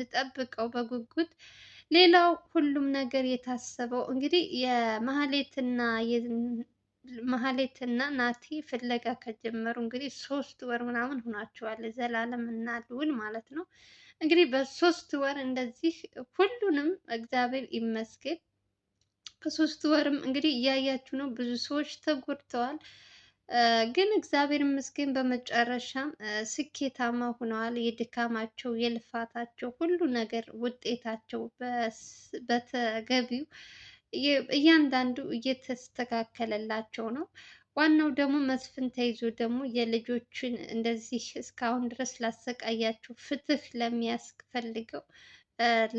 የምንጠብቀው በጉጉት። ሌላው ሁሉም ነገር የታሰበው እንግዲህ የማህሌትና ማህሌትና ናቲ ፍለጋ ከጀመሩ እንግዲህ ሶስት ወር ምናምን ሆኗቸዋል። ዘላለም እና ልውል ማለት ነው። እንግዲህ በሶስት ወር እንደዚህ ሁሉንም እግዚአብሔር ይመስገን። ከሶስት ወርም እንግዲህ እያያችሁ ነው። ብዙ ሰዎች ተጎድተዋል። ግን እግዚአብሔር ይመስገን በመጨረሻም ስኬታማ ሆነዋል። የድካማቸው የልፋታቸው ሁሉ ነገር ውጤታቸው በተገቢው እያንዳንዱ እየተስተካከለላቸው ነው። ዋናው ደግሞ መስፍን ተይዞ ደግሞ የልጆችን እንደዚህ እስካሁን ድረስ ላሰቃያቸው ፍትህ ለሚያስፈልገው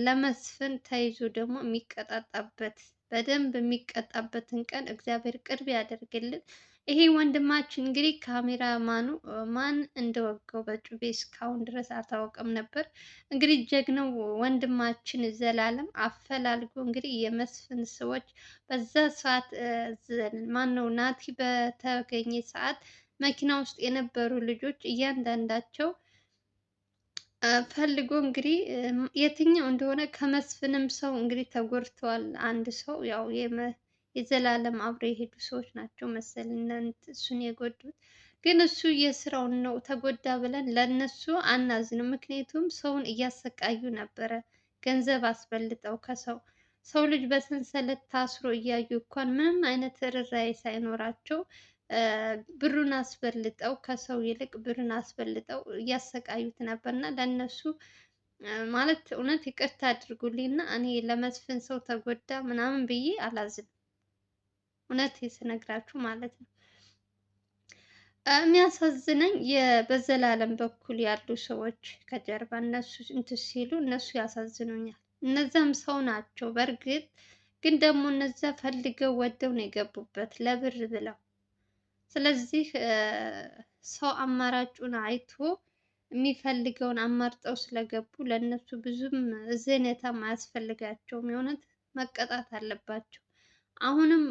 ለመስፍን ተይዞ ደግሞ የሚቀጣጣበት በደንብ የሚቀጣበትን ቀን እግዚአብሔር ቅርብ ያደርግልን። ይሄ ወንድማችን እንግዲህ ካሜራ ማኑ ማን እንደወገው በጩቤ እስካሁን ድረስ አታወቅም ነበር። እንግዲህ ጀግናው ወንድማችን ዘላለም አፈላልጎ እንግዲህ የመስፍን ሰዎች በዛ ሰዓት ማን ነው ናቲ በተገኘ ሰዓት መኪና ውስጥ የነበሩ ልጆች እያንዳንዳቸው ፈልጎ እንግዲህ የትኛው እንደሆነ ከመስፍንም ሰው እንግዲህ ተጎድተዋል። አንድ ሰው ያው የዘላለም አብሮ የሄዱ ሰዎች ናቸው መሰል እሱን የጎዱት። ግን እሱ የስራውን ነው ተጎዳ ብለን ለነሱ አናዝንም። ምክንያቱም ሰውን እያሰቃዩ ነበረ፣ ገንዘብ አስበልጠው ከሰው ሰው ልጅ በሰንሰለት ታስሮ እያዩ እንኳን ምንም አይነት ርኅራኄ ሳይኖራቸው ብሩን አስበልጠው ከሰው ይልቅ ብሩን አስበልጠው እያሰቃዩት ነበር እና ለእነሱ ማለት እውነት ይቅርታ አድርጉልኝ እና እኔ ለመስፍን ሰው ተጎዳ ምናምን ብዬ አላዝንም። እውነት ስነግራችሁ ማለት ነው። የሚያሳዝነኝ በዘላለም በኩል ያሉ ሰዎች ከጀርባ እነሱ እንትን ሲሉ እነሱ ያሳዝኑኛል። እነዛም ሰው ናቸው በእርግጥ ግን ደግሞ እነዛ ፈልገው ወደው ነው የገቡበት ለብር ብለው ስለዚህ ሰው አማራጩን አይቶ የሚፈልገውን አማርጠው ስለገቡ ለእነሱ ብዙም እዝነታም አያስፈልጋቸውም። የእውነት መቀጣት አለባቸው። አሁንም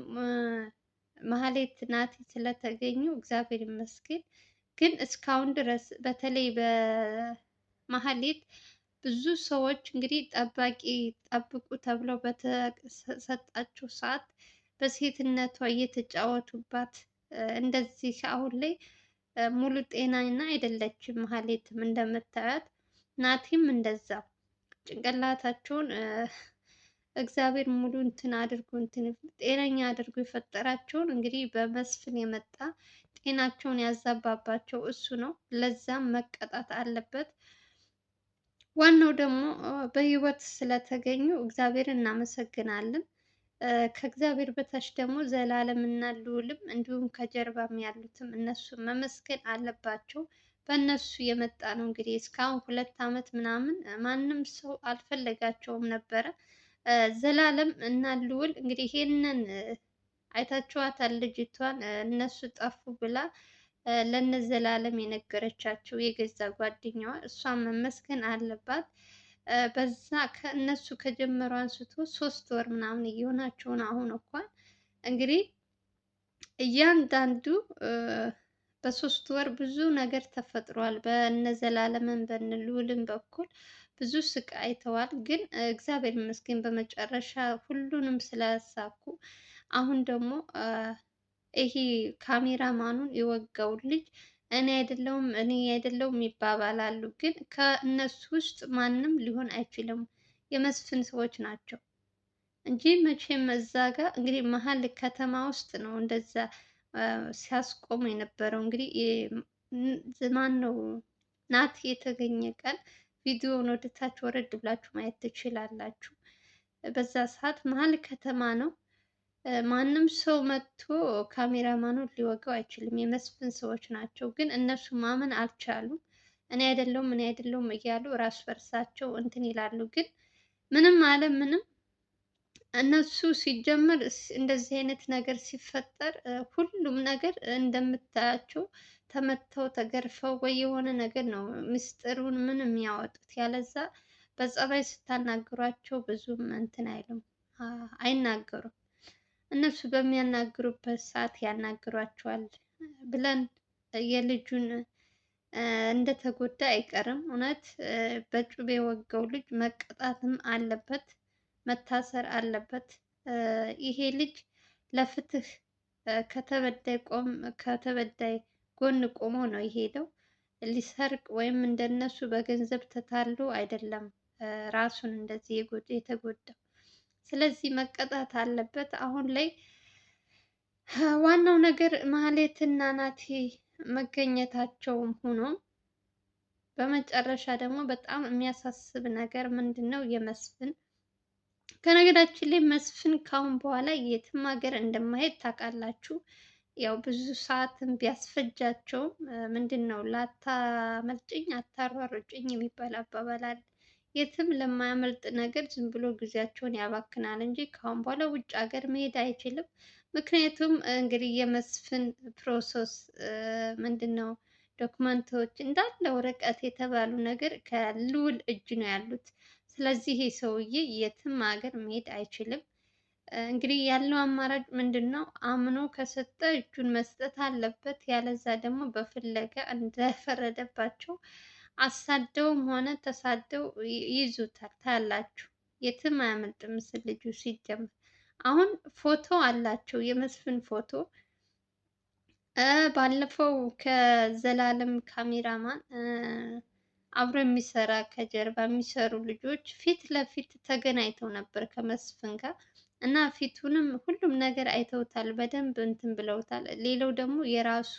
ማህሌት ናቲ ስለተገኙ እግዚአብሔር ይመስገን። ግን እስካሁን ድረስ በተለይ በማህሌት ብዙ ሰዎች እንግዲህ ጠባቂ ጠብቁ ተብለው በተሰጣቸው ሰዓት በሴትነቷ እየተጫወቱባት እንደዚህ አሁን ላይ ሙሉ ጤናና አይደለችም። መሀሌትም እንደምታያት ናቲም እንደዛ ጭንቅላታቸውን እግዚአብሔር ሙሉ እንትን አድርጎ እንትን ጤነኛ አድርጎ የፈጠራቸውን እንግዲህ በመስፍን የመጣ ጤናቸውን ያዛባባቸው እሱ ነው። ለዛም መቀጣት አለበት። ዋናው ደግሞ በህይወት ስለተገኙ እግዚአብሔር እናመሰግናለን። ከእግዚአብሔር በታች ደግሞ ዘላለም እና ልዑልም እንዲሁም ከጀርባም ያሉትም እነሱ መመስገን አለባቸው። በእነሱ የመጣ ነው እንግዲህ እስካሁን ሁለት ዓመት ምናምን ማንም ሰው አልፈለጋቸውም ነበረ። ዘላለም እና ልዑል እንግዲህ ይህንን አይታችኋታል። ልጅቷን እነሱ ጠፉ ብላ ለነ ዘላለም የነገረቻቸው የገዛ ጓደኛዋ እሷን መመስገን አለባት። በዛ ከእነሱ ከጀመሩ አንስቶ ሶስት ወር ምናምን እየሆናቸውን አሁን እንኳን እንግዲህ እያንዳንዱ በሶስት ወር ብዙ ነገር ተፈጥሯል። በነዘላለምን በንልውልም በኩል ብዙ ስቃይ አይተዋል። ግን እግዚአብሔር ይመስገን በመጨረሻ ሁሉንም ስላሳኩ። አሁን ደግሞ ይሄ ካሜራማኑን የወጋው ልጅ እኔ አይደለሁም እኔ አይደለሁም ይባባላሉ። ግን ከእነሱ ውስጥ ማንም ሊሆን አይችልም። የመስፍን ሰዎች ናቸው እንጂ መቼም እዛ ጋር እንግዲህ መሀል ከተማ ውስጥ ነው እንደዛ ሲያስቆሙ የነበረው። እንግዲህ ማን ነው ናት የተገኘ ቀን ቪዲዮውን ወደታች ወረድ ብላችሁ ማየት ትችላላችሁ። በዛ ሰዓት መሀል ከተማ ነው ማንም ሰው መጥቶ ካሜራማኑን ሊወጋው አይችልም። የመስፍን ሰዎች ናቸው፣ ግን እነሱ ማመን አልቻሉም። እኔ አይደለሁም እኔ አይደለሁም እያሉ እራሱ በርሳቸው እንትን ይላሉ። ግን ምንም አለ ምንም እነሱ ሲጀመር እንደዚህ አይነት ነገር ሲፈጠር ሁሉም ነገር እንደምታያቸው ተመተው ተገርፈው ወይ የሆነ ነገር ነው ምስጢሩን ምን የሚያወጡት። ያለዛ በጸባይ ስታናግሯቸው ብዙም እንትን አይሉም አይናገሩም። እነሱ በሚያናግሩበት ሰዓት ያናግሯቸዋል ብለን የልጁን እንደተጎዳ አይቀርም። እውነት በጩቤ የወጋው ልጅ መቀጣትም አለበት፣ መታሰር አለበት። ይሄ ልጅ ለፍትህ ከተበዳይ ቆም ከተበዳይ ጎን ቆሞ ነው የሄደው። ሊሰርቅ ወይም እንደነሱ በገንዘብ ተታሎ አይደለም ራሱን እንደዚህ የተጎዳ ስለዚህ መቀጣት አለበት። አሁን ላይ ዋናው ነገር ማህሌትና ናቲ መገኘታቸውም ሆኖ በመጨረሻ ደግሞ በጣም የሚያሳስብ ነገር ምንድን ነው የመስፍን ከነገራችን ላይ መስፍን ካሁን በኋላ የትም ሀገር እንደማይሄድ ታውቃላችሁ። ያው ብዙ ሰዓትን ቢያስፈጃቸውም ምንድን ነው ላታመልጭኝ አታሯሩጭኝ የሚባል አባባል አለ። የትም ለማያመልጥ ነገር ዝም ብሎ ጊዜያቸውን ያባክናል እንጂ ከአሁን በኋላ ውጭ ሀገር መሄድ አይችልም። ምክንያቱም እንግዲህ የመስፍን ፕሮሰስ ምንድን ነው ዶክመንቶች እንዳለ ወረቀት የተባሉ ነገር ከልውል እጅ ነው ያሉት። ስለዚህ ይህ ሰውዬ የትም ሀገር መሄድ አይችልም። እንግዲህ ያለው አማራጭ ምንድን ነው? አምኖ ከሰጠ እጁን መስጠት አለበት። ያለዛ ደግሞ በፍለጋ እንደፈረደባቸው አሳደውም ሆነ ተሳደው ይይዙታል። ታያላችሁ፣ የትም አያመልጥም ምስል ልጁ ሲጀምር። አሁን ፎቶ አላቸው የመስፍን ፎቶ ባለፈው ከዘላለም ካሜራማን አብሮ የሚሰራ ከጀርባ የሚሰሩ ልጆች ፊት ለፊት ተገናኝተው ነበር ከመስፍን ጋር እና ፊቱንም ሁሉም ነገር አይተውታል፣ በደንብ እንትን ብለውታል። ሌላው ደግሞ የራሱ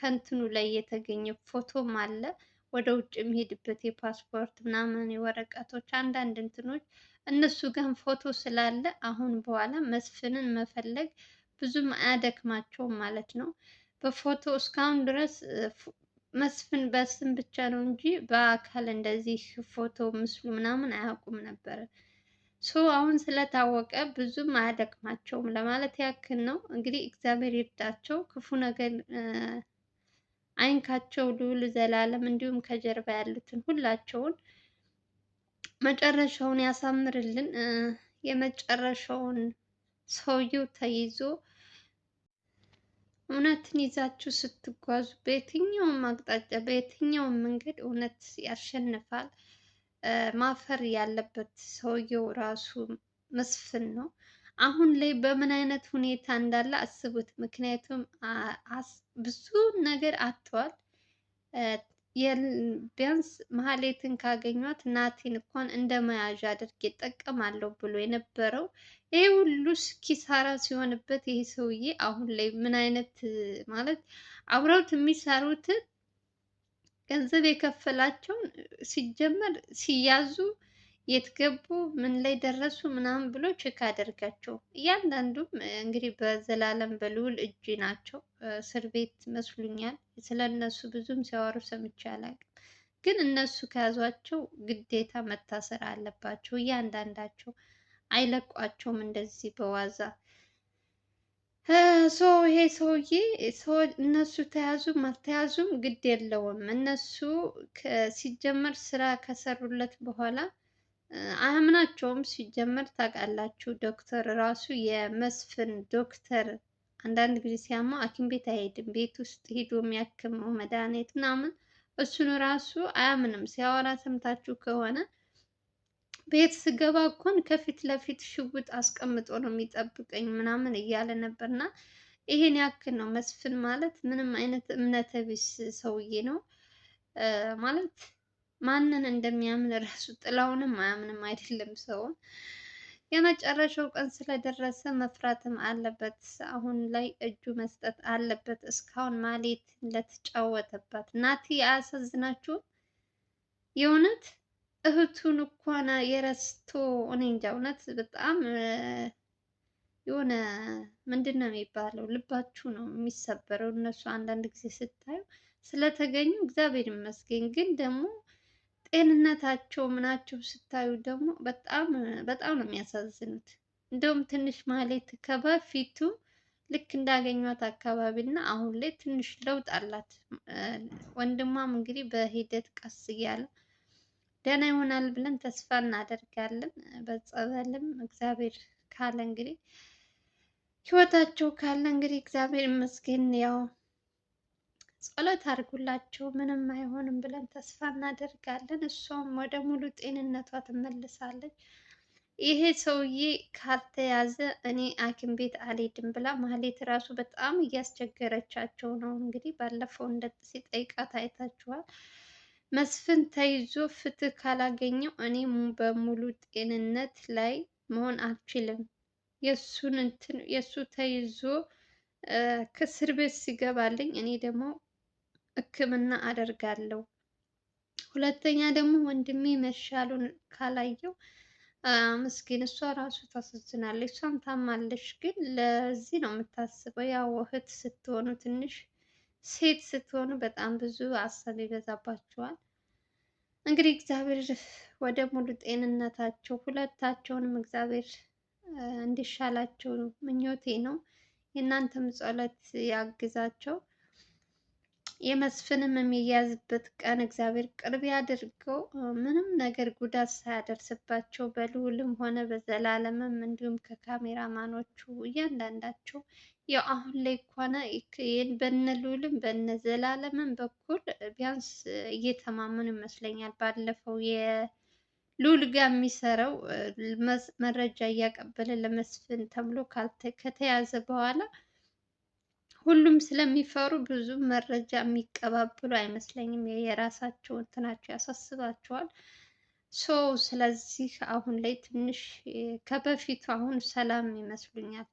ከንትኑ ላይ የተገኘ ፎቶም አለ። ወደ ውጭ የሚሄድበት የፓስፖርት ምናምን የወረቀቶች አንዳንድ እንትኖች እነሱ ጋር ፎቶ ስላለ አሁን በኋላ መስፍንን መፈለግ ብዙም አያደክማቸውም ማለት ነው። በፎቶ እስካሁን ድረስ መስፍን በስም ብቻ ነው እንጂ በአካል እንደዚህ ፎቶ ምስሉ ምናምን አያውቁም ነበር ሶ አሁን ስለታወቀ ብዙም አያደክማቸውም ለማለት ያክል ነው። እንግዲህ እግዚአብሔር ይርዳቸው ክፉ ነገር አይንካቸው ልዑል ዘላለም እንዲሁም ከጀርባ ያሉትን ሁላቸውን መጨረሻውን ያሳምርልን። የመጨረሻውን ሰውየው ተይዞ እውነትን ይዛችሁ ስትጓዙ በየትኛውም አቅጣጫ በየትኛውም መንገድ እውነት ያሸንፋል። ማፈር ያለበት ሰውየው ራሱ መስፍን ነው። አሁን ላይ በምን አይነት ሁኔታ እንዳለ አስቡት። ምክንያቱም ብዙ ነገር አጥተዋል። ቢያንስ መሀሌትን ካገኟት ናቲን እንኳን እንደ መያዣ አድርጌ እጠቀማለሁ ብሎ የነበረው ይሄ ሁሉ ኪሳራ ሲሆንበት ይሄ ሰውዬ አሁን ላይ ምን አይነት ማለት አብረውት የሚሰሩትን ገንዘብ የከፈላቸውን ሲጀመር ሲያዙ የት ገቡ፣ ምን ላይ ደረሱ ምናምን ብሎ ቼክ አደርጋቸው። እያንዳንዱም እንግዲህ በዘላለም በልዑል እጅ ናቸው። እስር ቤት መስሉኛል። ስለ እነሱ ብዙም ሲያወሩ ሰምቼ አላውቅም። ግን እነሱ ከያዟቸው ግዴታ መታሰር አለባቸው። እያንዳንዳቸው አይለቋቸውም እንደዚህ በዋዛ ሶ ይሄ ሰውዬ እነሱ ተያዙም አልተያዙም ግድ የለውም። እነሱ ሲጀመር ስራ ከሰሩለት በኋላ አያምናቸውም። ሲጀመር ታውቃላችሁ፣ ዶክተር ራሱ የመስፍን ዶክተር አንዳንድ ጊዜ ሲያማ ሐኪም ቤት አይሄድም። ቤት ውስጥ ሄዶ የሚያክመው መድኃኒት ምናምን እሱን ራሱ አያምንም። ሲያወራ ሰምታችሁ ከሆነ ቤት ስገባ እኮን ከፊት ለፊት ሽጉጥ አስቀምጦ ነው የሚጠብቀኝ ምናምን እያለ ነበር። ና ይሄን ያክል ነው መስፍን ማለት ምንም አይነት እምነተ ቢስ ሰውዬ ነው ማለት ማንን እንደሚያምን ራሱ ጥላውንም አያምንም አይደለም ሰውን። የመጨረሻው ቀን ስለደረሰ መፍራትም አለበት። አሁን ላይ እጁ መስጠት አለበት። እስካሁን ማሌት ለተጫወተባት ናቲ አያሳዝናችሁ? የእውነት እህቱን እንኳን የረስቶ እኔ እንጃ። እውነት በጣም የሆነ ምንድን ነው የሚባለው ልባችሁ ነው የሚሰበረው። እነሱ አንዳንድ ጊዜ ስታዩ ስለተገኙ እግዚአብሔር ይመስገን፣ ግን ደግሞ ጤንነታቸው ምናቸው ስታዩ ደግሞ በጣም በጣም ነው የሚያሳዝኑት። እንደውም ትንሽ ማህሌት ከበፊቱ ልክ እንዳገኟት አካባቢ እና አሁን ላይ ትንሽ ለውጥ አላት። ወንድሟም እንግዲህ በሂደት ቀስ እያለ ደህና ይሆናል ብለን ተስፋ እናደርጋለን። በጸበልም እግዚአብሔር ካለ እንግዲህ ህይወታቸው ካለ እንግዲህ እግዚአብሔር ይመስገን ያው ጸሎት አድርጉላቸው ምንም አይሆንም ብለን ተስፋ እናደርጋለን። እሷም ወደ ሙሉ ጤንነቷ ትመልሳለች። ይሄ ሰውዬ ካልተያዘ እኔ ሐኪም ቤት አልሄድም ብላ ማህሌት ራሱ በጣም እያስቸገረቻቸው ነው። እንግዲህ ባለፈው እንደ ሲጠይቃት አይታችኋል። መስፍን ተይዞ ፍትህ ካላገኘው እኔ በሙሉ ጤንነት ላይ መሆን አልችልም። የእሱን እንትን የእሱ ተይዞ ከእስር ቤት ሲገባልኝ እኔ ደግሞ ሕክምና አደርጋለሁ። ሁለተኛ ደግሞ ወንድሜ መሻሉን ካላየው ምስኪን እሷ ራሱ ታሳዝናለች። እሷም ታማለች፣ ግን ለዚህ ነው የምታስበው። ያው እህት ስትሆኑ ትንሽ ሴት ስትሆኑ በጣም ብዙ አሰብ ይበዛባችኋል። እንግዲህ እግዚአብሔር ወደ ሙሉ ጤንነታቸው ሁለታቸውንም እግዚአብሔር እንዲሻላቸው ምኞቴ ነው። የእናንተም ጸሎት ያግዛቸው። የመስፍንም የሚያዝበት ቀን እግዚአብሔር ቅርብ ያድርገው። ምንም ነገር ጉዳት ሳያደርስባቸው በልዑልም ሆነ በዘላለምም እንዲሁም ከካሜራማኖቹ እያንዳንዳቸው ያው አሁን ላይ እንኳን በነ ልዑልም በነ ዘላለምም በኩል ቢያንስ እየተማመኑ ይመስለኛል። ባለፈው የልዑል ጋር የሚሰራው መረጃ እያቀበለ ለመስፍን ተብሎ ከተያዘ በኋላ ሁሉም ስለሚፈሩ ብዙ መረጃ የሚቀባበሉ አይመስለኝም። የራሳቸው እንትናቸው ያሳስባቸዋል። ሶ ስለዚህ አሁን ላይ ትንሽ ከበፊቱ አሁን ሰላም ይመስሉኛል።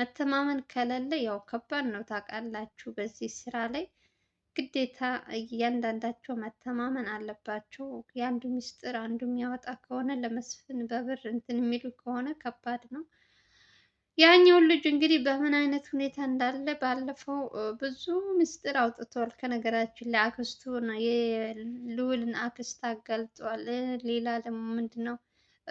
መተማመን ከሌለ ያው ከባድ ነው ታውቃላችሁ። በዚህ ስራ ላይ ግዴታ እያንዳንዳቸው መተማመን አለባቸው። የአንዱ ሚስጥር አንዱ የሚያወጣ ከሆነ ለመስፍን በብር እንትን የሚሉ ከሆነ ከባድ ነው። ያኛውን ልጅ እንግዲህ በምን አይነት ሁኔታ እንዳለ ባለፈው ብዙ ምስጢር አውጥቷል። ከነገራችን ላይ ነው የልዑልን አክስት አጋልጧል። ሌላ ደግሞ ምንድን ነው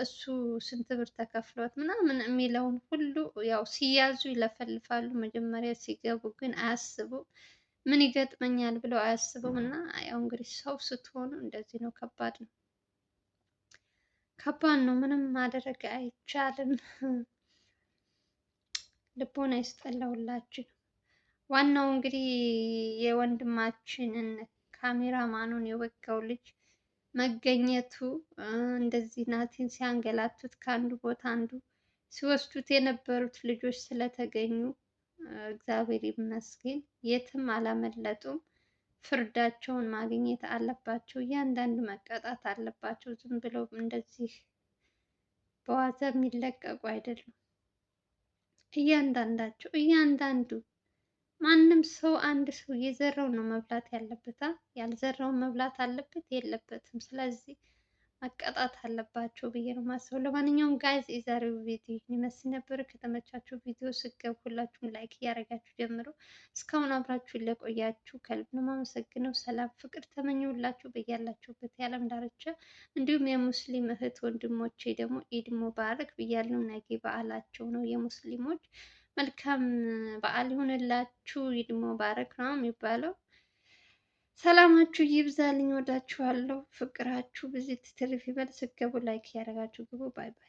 እሱ ስንት ብር ተከፍሏት ምናምን የሚለውን ሁሉ ያው ሲያዙ ይለፈልፋሉ። መጀመሪያ ሲገቡ ግን አያስቡም፣ ምን ይገጥመኛል ብለው አያስቡም። እና ያው እንግዲህ ሰው ስትሆኑ እንደዚህ ነው። ከባድ ነው፣ ከባድ ነው። ምንም ማድረግ አይቻልም። ልቦና ይስጠላውላችሁ። ዋናው እንግዲህ የወንድማችንን ካሜራማኑን የወጋው ልጅ መገኘቱ እንደዚህ ናቲን ሲያንገላቱት ከአንዱ ቦታ አንዱ ሲወስዱት የነበሩት ልጆች ስለተገኙ እግዚአብሔር ይመስገን፣ የትም አላመለጡም። ፍርዳቸውን ማግኘት አለባቸው። እያንዳንዱ መቀጣት አለባቸው። ዝም ብለው እንደዚህ በዋዛ የሚለቀቁ አይደሉም። እያንዳንዳቸው እያንዳንዱ ማንም ሰው አንድ ሰው የዘራው ነው መብላት ያለበት። ያልዘራውን መብላት አለበት የለበትም። ስለዚህ መቀጣት አለባቸው ብዬ ነው ማስበው። ለማንኛውም ጋይዝ የዛሬው ቪዲዮ ይመስል ነበር። ከተመቻችሁ ቪዲዮ ስገብ ሁላችሁም ላይክ እያደረጋችሁ ጀምሮ እስካሁን አብራችሁ ለቆያችሁ ከልብ ነው የማመሰግነው። ሰላም ፍቅር ተመኘሁላችሁ በያላችሁበት የዓለም ዳርቻ። እንዲሁም የሙስሊም እህት ወንድሞቼ ደግሞ ኢድ ሙባረክ ብያለሁ። ነገ በዓላቸው ነው የሙስሊሞች። መልካም በዓል ይሁንላችሁ። ኢድ ሙባረክ ነው የሚባለው። ሰላማችሁ ይብዛልኝ። ወዳችኋለሁ። ፍቅራችሁ ብዙ ትርፍ ይበል። ስገቡ ላይክ ያደረጋችሁ ግቡ። ባይ ባይ።